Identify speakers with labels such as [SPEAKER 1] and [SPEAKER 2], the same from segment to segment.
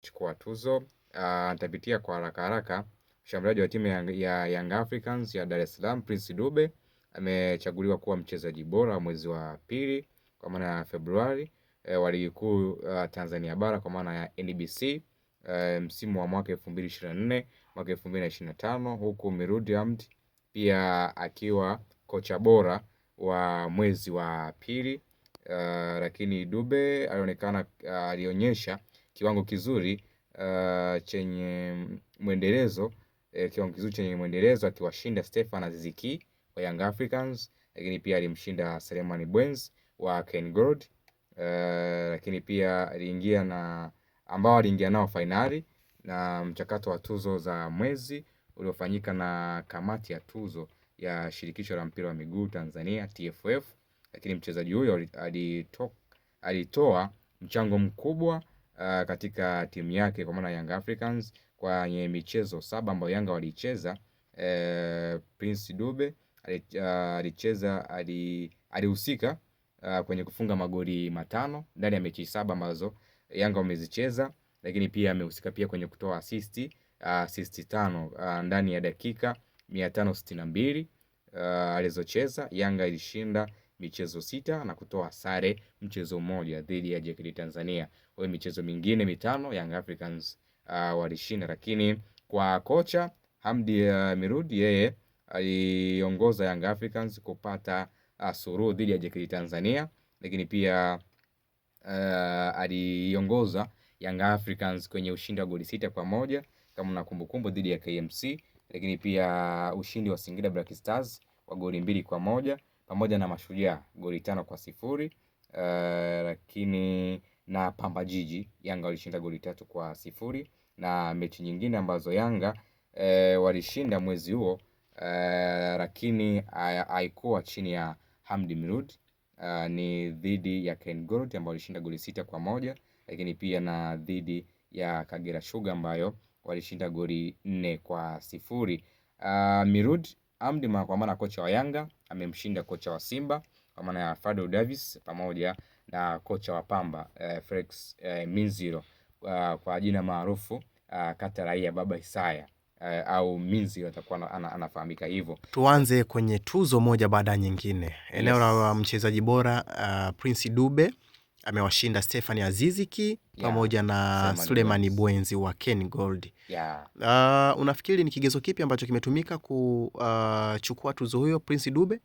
[SPEAKER 1] kuchukua tuzo. Ah, nitapitia kwa haraka haraka mshambuliaji wa timu ya Young Africans ya Dar es Salaam Prince Dube amechaguliwa kuwa mchezaji bora wa mwezi wa pili kwa maana ya Februari eh, wa ligi kuu ah, Tanzania bara kwa maana ya NBC eh, msimu wa mwaka 2024 mwaka 2025, huku Mirudi Hamdi pia akiwa kocha bora wa mwezi wa pili, ah, lakini Dube alionekana alionyesha kiwango kizuri eh, chenye mwendelezo eh, kiwango kizuri chenye mwendelezo akiwashinda Stefan Aziziki wa Young Africans, lakini pia alimshinda Selemani Bwens wa Ken Gold. Uh, lakini pia aliingia na ambao aliingia nao fainali na mchakato wa tuzo za mwezi uliofanyika na kamati ya tuzo ya shirikisho la mpira wa miguu Tanzania TFF, lakini mchezaji huyo alitoa mchango mkubwa uh, katika timu yake kwa maana Young Africans kwenye michezo saba ambayo Yanga walicheza eh, Prince Dube eh, alicheza alihusika uh, kwenye kufunga magoli matano ndani ya mechi saba ambazo Yanga wamezicheza, lakini pia amehusika pia kwenye kutoa asisti uh, asisti tano uh, ndani ya dakika mia tano sitini na mbili uh, alizocheza Yanga ilishinda michezo sita na kutoa sare mchezo mmoja dhidi ya JKT Tanzania. Kwa michezo mingine mitano Young Africans uh, walishinda, lakini kwa kocha Hamdi uh, Mirudi yeye aliongoza Young Africans kupata uh, suluhu dhidi ya JKT Tanzania, lakini pia uh, aliongoza Young Africans kwenye ushindi wa goli sita kwa moja kama na kumbukumbu dhidi ya KMC, lakini pia ah, ushindi wa Singida Black Stars wa goli mbili kwa moja pamoja na Mashujaa goli tano kwa sifuri. Uh, lakini na Pamba Jiji Yanga walishinda goli tatu kwa sifuri, na mechi nyingine ambazo Yanga eh, walishinda mwezi huo eh, lakini haikuwa chini ya Hamdi Mrud uh, eh, ni dhidi ya Ken Gold ambao walishinda goli sita kwa moja, lakini pia na dhidi ya Kagera Sugar ambayo walishinda goli nne kwa sifuri. Uh, Mirud Amdi kwa maana kocha wa Yanga amemshinda kocha wa Simba kwa maana ya Fadlu Davis pamoja na kocha wa Pamba eh, Felix eh, Minziro uh, kwa jina maarufu uh, kata raia Baba Isaya Uh, au Minziro atakuwa anafahamika hivyo.
[SPEAKER 2] Tuanze kwenye tuzo moja baada ya nyingine, eneo yes, la mchezaji bora uh, Prince Dube amewashinda Stefani Aziziki yeah, pamoja na Sulemani Bwenzi wa Ken Gold yeah. Uh, unafikiri ni kigezo kipi ambacho kimetumika kuchukua uh, tuzo huyo Prince Dube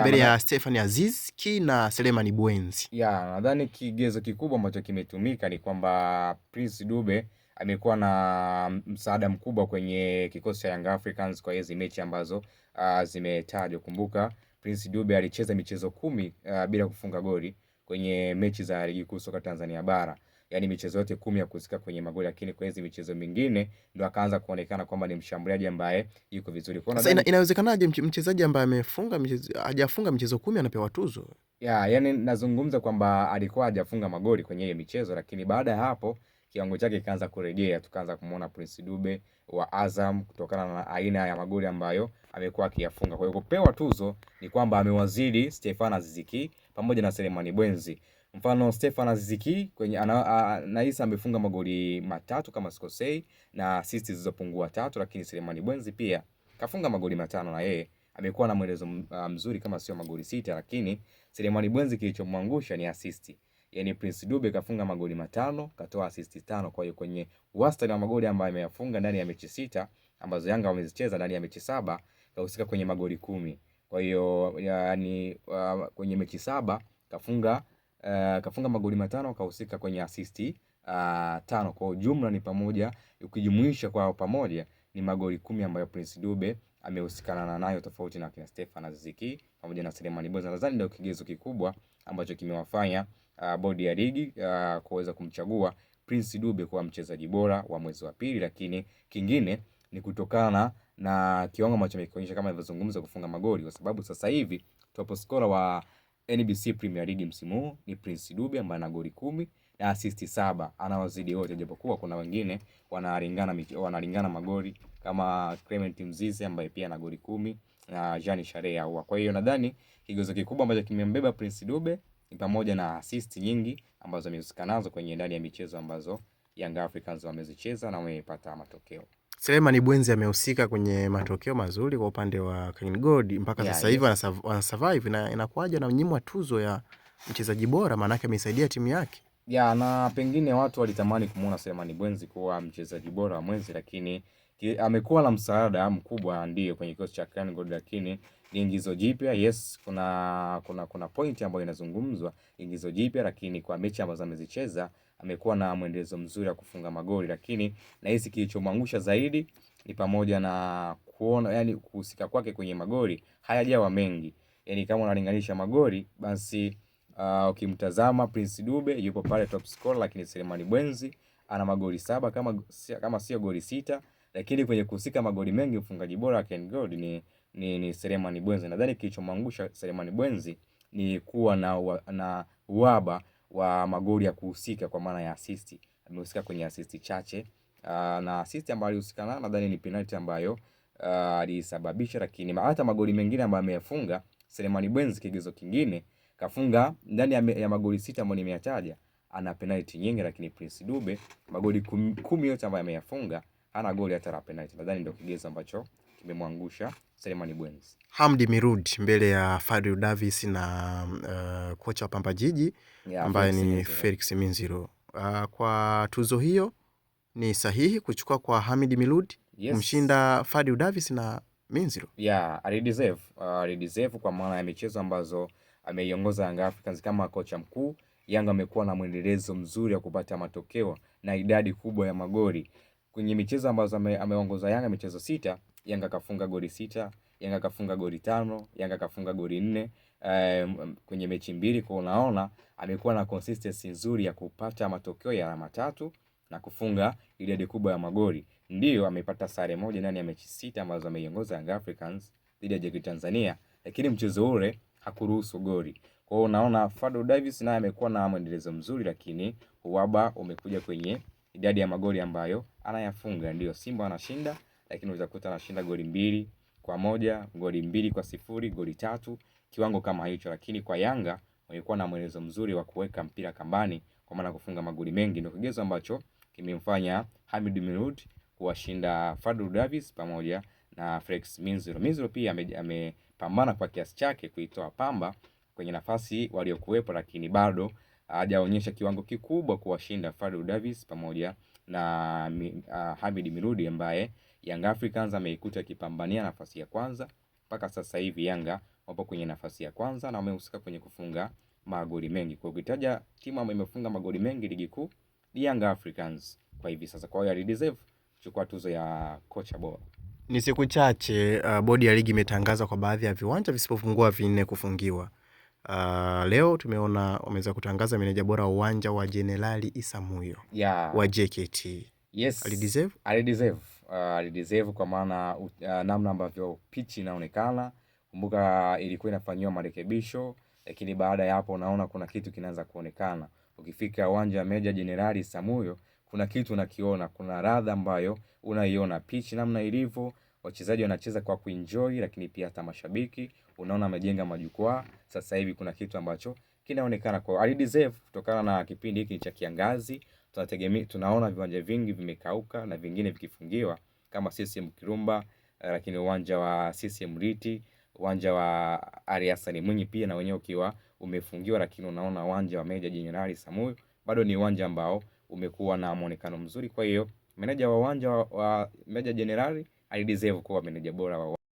[SPEAKER 2] mbele ya Stefani Aziziki na Sulemani Bwenzi?
[SPEAKER 1] Yeah, nadhani kigezo kikubwa ambacho kimetumika ni kwamba Prince Dube amekuwa na msaada mkubwa kwenye kikosi cha Young Africans kwa hizi mechi ambazo uh, zimetajwa. Kumbuka Prince Dube alicheza michezo kumi uh, bila kufunga goli kwenye mechi za ligi kuu soka Tanzania bara yaani michezo yote kumi ya kuhusika kwenye magoli, lakini kwa hizi michezo mingine ndo akaanza kuonekana kwamba ni mshambuliaji ambaye yuko vizuri.
[SPEAKER 2] ina, inawezekanaje mchezaji ambaye amefunga hajafunga michezo kumi anapewa tuzo?
[SPEAKER 1] Yeah, yani nazungumza kwamba alikuwa hajafunga magoli kwenye ile michezo, lakini baada ya hapo kiwango chake kikaanza kurejea, tukaanza kumwona Prince Dube wa Azam kutokana na aina ya magoli ambayo amekuwa akiyafunga. Kwa hiyo kupewa tuzo ni kwamba amewazidi Stefan Aziz Ki pamoja na Selemani Bwenzi. Mfano Stefan Aziz Ki kwenye anahisi amefunga magoli matatu kama sikosei na assist zilizopungua tatu, lakini Selemani Bwenzi pia kafunga magoli matano na yeye amekuwa na mwelezo mzuri kama sio magoli sita, lakini Selemani Bwenzi kilichomwangusha ni assist yani Prince Dube kafunga magoli matano, katoa asisti tano. Kwa hiyo kwenye wastani wa magoli ambayo ameyafunga ndani ya mechi sita ambazo Yanga wamezicheza ndani ya mechi saba kahusika kwenye magoli kumi. Kwa hiyo yani, uh, kwenye mechi saba kafunga uh, kafunga magoli matano kahusika kwenye asisti uh, ah, tano. Kwa ujumla ni pamoja ukijumuisha kwa pamoja ni magoli kumi ambayo Prince Dube amehusikana nayo tofauti na kina Stefan Aziziki pamoja na Selemani Boza. Nadhani ndio kigezo kikubwa ambacho kimewafanya uh, bodi ya ligi uh, kuweza kumchagua Prince Dube kuwa mchezaji bora wa mwezi wa pili, lakini kingine ni kutokana na kiwango ambacho amekionyesha kama alivyozungumza kufunga magoli, kwa sababu sasa hivi top scorer wa NBC Premier League msimu huu ni Prince Dube ambaye ana goli kumi na assist saba, anawazidi wote, japokuwa kuna wengine wanalingana wanalingana magoli kama Clement Mzize ambaye pia ana goli kumi na Jean Charles Kwa hiyo nadhani kigezo kikubwa ambacho kimembeba Prince Dube pamoja na assist nyingi ambazo amehusika nazo kwenye ndani ya michezo ambazo Young Africans wamezicheza na wamepata matokeo.
[SPEAKER 2] Selemani Bwenzi amehusika kwenye matokeo mazuri kwa upande wa Kenya Gold mpaka yeah, sasa hivi yes. Wana survive na inakuwaje na mnyimwa tuzo ya mchezaji bora, maanake ameisaidia timu yake
[SPEAKER 1] ya na pengine watu walitamani kumuona Selemani Bwenzi kuwa mchezaji bora wa mwezi, lakini amekuwa na msaada mkubwa ndiyo kwenye kikosi cha Kenya Gold, lakini ni ingizo jipya. Yes, kuna kuna kuna point ambayo inazungumzwa ingizo jipya, lakini kwa mechi ambazo amezicheza amekuwa na mwendelezo mzuri wa kufunga magoli, lakini nahisi kilichomwangusha zaidi ni pamoja na kuona yani, kuhusika kwake kwenye magoli hayajawa mengi. Yani kama unalinganisha magoli basi, uh, ukimtazama Prince Dube yupo pale top scorer, lakini Selemani Bwenzi ana magoli saba kama kama sio goli sita, lakini kwenye kuhusika magoli mengi, mfungaji bora Ken Gold ni ni, ni Selemani Bwenzi. Nadhani kilichomwangusha Selemani Bwenzi ni kuwa na, na uhaba wa magoli ya kuhusika kwa maana ya asisti. Amehusika kwenye asisti chache uh, na asisti ambayo alihusika nayo nadhani ni penalti ambayo ah, alisababisha, lakini hata magoli mengine ambayo ameyafunga Selemani Bwenzi, kigezo kingine kafunga ndani ya, ya magoli sita ambayo nimeyataja ana penalti nyingi, lakini Prince Dube magoli kumi yote ambayo ameyafunga hana goli hata la penalti. Nadhani ndio kigezo ambacho kimemwangusha Selemani Bwenzi.
[SPEAKER 2] Hamdi Mirudi mbele ya Fadlu Davis na uh, kocha wa Pamba Jiji yeah, ambaye ni Felix Minziro. Uh, kwa tuzo hiyo ni sahihi kuchukua kwa Hamid Mirud yes. kumshinda Fadlu Davis na Minziro.
[SPEAKER 1] Yeah, uh, alideserve, alideserve kwa maana ya michezo ambazo ameiongoza Yanga Africans kama kocha mkuu. Yanga amekuwa na mwendelezo mzuri wa kupata matokeo na idadi kubwa ya magori kwenye michezo ambazo ameongoza Yanga michezo sita, Yanga kafunga goli sita, Yanga kafunga goli tano, Yanga kafunga goli nne um, kwenye mechi mbili. Kwa unaona amekuwa na consistency nzuri ya kupata matokeo ya alama tatu na kufunga idadi kubwa ya magoli. Ndiyo amepata sare moja ndani ya mechi sita ambazo ameiongoza Young Africans dhidi ya JKT Tanzania, lakini mchezo ule hakuruhusu goli. Kwa hiyo unaona Fadlu Davis naye amekuwa na mwendelezo mzuri, lakini uwaba umekuja kwenye idadi ya magoli ambayo anayafunga. Ndio Simba anashinda, lakini unaweza kukuta anashinda goli mbili kwa moja, goli mbili kwa sifuri, goli tatu, kiwango kama hicho. Lakini kwa Yanga wamekuwa na mwelezo mzuri wa kuweka mpira kambani, kwa maana kufunga magoli mengi. Ndio kigezo ambacho kimemfanya Hamid Mirud kuwashinda Fadlu Davis pamoja na Felix Minziro. Minziro pia amepambana kwa kiasi chake kuitoa Pamba kwenye nafasi waliokuwepo, lakini bado hajaonyesha kiwango kikubwa kuwashinda Fadlu Davis pamoja na uh, Hamid Mirudi ambaye Young Africans ameikuta akipambania nafasi ya kwanza mpaka sasa hivi Yanga wapo kwenye nafasi ya kwanza na wamehusika kwenye kufunga magoli mengi. Kwa ukitaja timu ambayo imefunga magoli mengi ligi kuu ni Young Africans kwa hivi sasa. Kwa hiyo deserve kuchukua tuzo ya kocha bora.
[SPEAKER 2] Ni siku chache uh, bodi ya ligi imetangaza kwa baadhi ya viwanja visipofungua vinne kufungiwa. Uh, leo tumeona wameweza kutangaza meneja bora wa uwanja wa Jenerali Issa Muyo yeah, wa JKT. Yes. Alideserve?
[SPEAKER 1] Alideserve. Uh, ah, alideserve kwa maana uh, namna ambavyo pichi inaonekana, kumbuka ilikuwa inafanyiwa marekebisho, lakini baada ya hapo unaona kuna kitu kinaanza kuonekana. Ukifika uwanja wa Meja Jenerali Issa kuna kitu unakiona, kuna radha ambayo unaiona pichi namna ilivyo wachezaji wanacheza kwa kuenjoy, lakini pia hata mashabiki unaona amejenga majukwaa. Sasa hivi kuna kitu ambacho kinaonekana kwa ali deserve kutokana na kipindi hiki cha kiangazi. Tunategemea, tunaona viwanja vingi vimekauka na vingine vikifungiwa kama CCM Kirumba, eh, lakini uwanja wa CCM Liti, uwanja wa Ali Hassan Mwinyi pia na wenyewe ukiwa umefungiwa, lakini unaona uwanja wa Meja Jenerali Samuyo bado ni uwanja ambao umekuwa na muonekano mzuri. Kwa hiyo meneja wa uwanja wa Meja Jenerali alideserve kuwa meneja bora wa